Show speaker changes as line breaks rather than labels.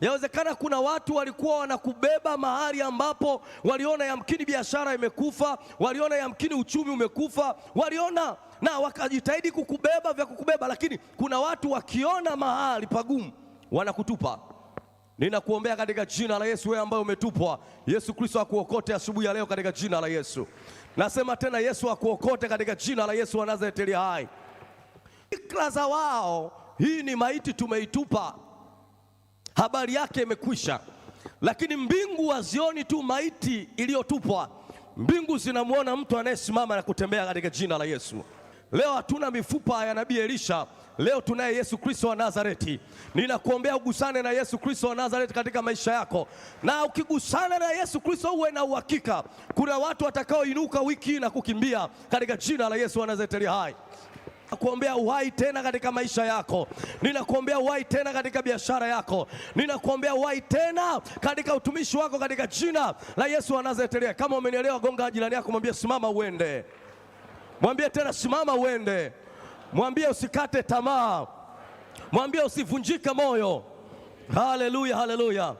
Yawezekana kuna watu walikuwa wanakubeba mahali ambapo waliona yamkini biashara imekufa, waliona yamkini uchumi umekufa, waliona na wakajitahidi kukubeba vya kukubeba, lakini kuna watu wakiona mahali pagumu wanakutupa. Ninakuombea katika jina la Yesu, wewe ambaye umetupwa, Yesu Kristo akuokote asubuhi ya leo katika jina la Yesu. Nasema tena, Yesu akuokote katika jina la Yesu wa Nazareti hai. Fikra za wao, hii ni maiti tumeitupa habari yake imekwisha. Lakini mbingu hazioni tu maiti iliyotupwa, mbingu zinamwona mtu anayesimama na kutembea katika jina la Yesu. Leo hatuna mifupa ya nabii Elisha. Leo tunaye Yesu Kristo wa Nazareti. Ninakuombea ugusane na Yesu Kristo wa Nazareti katika maisha yako, na ukigusana na Yesu Kristo uwe na uhakika kuna watu watakaoinuka wiki na kukimbia katika jina la Yesu wa Nazareti hai. Ninakuombea uhai tena katika maisha yako, ninakuombea uhai tena katika biashara yako, ninakuombea uhai tena katika utumishi wako, katika jina la Yesu wa Nazareti. Kama umenielewa, gonga jirani yako, mwambie simama uende, mwambie tena simama uende, mwambie usikate tamaa, mwambie usivunjike moyo. Haleluya, haleluya.